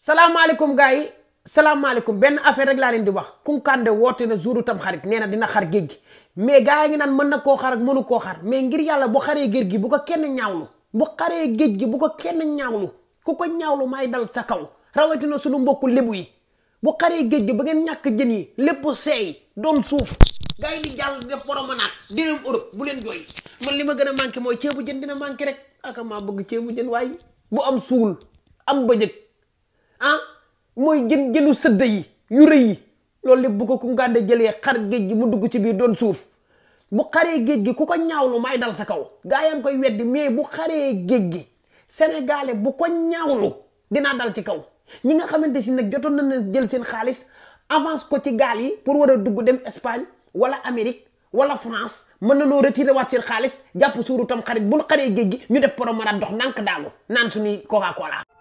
salaamaaleykum gaa yi salaamaaleykum benn affaire rek laa leen di wax Kunkande woote na jouru tam xarit nee na dina xar géej gi mais gaa yi ngi naan mën na koo xar ak mënu koo xar mais ngir yàlla bu xaree géej gi bu ko kenn ñaawlu bu xaree géej gi bu ko kenn ñaawlu ku ko ñaawlu maay dal sa kaw rawatina suñu mbokku lebu yi bu xaree géej gi ba ngeen ñàkk jën yi lépp seey doon suuf gars yi di jàll def promenade bu leen jooy man li ma gën a manqué mooy ceebu jën dina manqué rek aka maa bëgg ceebu jën waaye bu am suul am bëjëg ah mooy jën jënu sëdd yi yu rëy yi loolu lépp bu ko Koungheul jëlee xar géej gi mu dugg ci biir doon suuf bu xaree géej gi ku ko ñaawlu may dal sa kaw gaa yaa ngi koy weddi mais bu xaree géej gi sénégalais bu ko ñaawlu dinaa dal ci kaw ñi nga xamante si nag jotoon nañ jël seen xaalis avance ko ci gaal yi pour war a dugg dem Espagne wala Amérique wala France mën na noo retiré waat seen xaalis jàpp suuru tam xarit bu nu xaree géej gi ñu def promenade dox nànk daalu naan suñuy Coca-Cola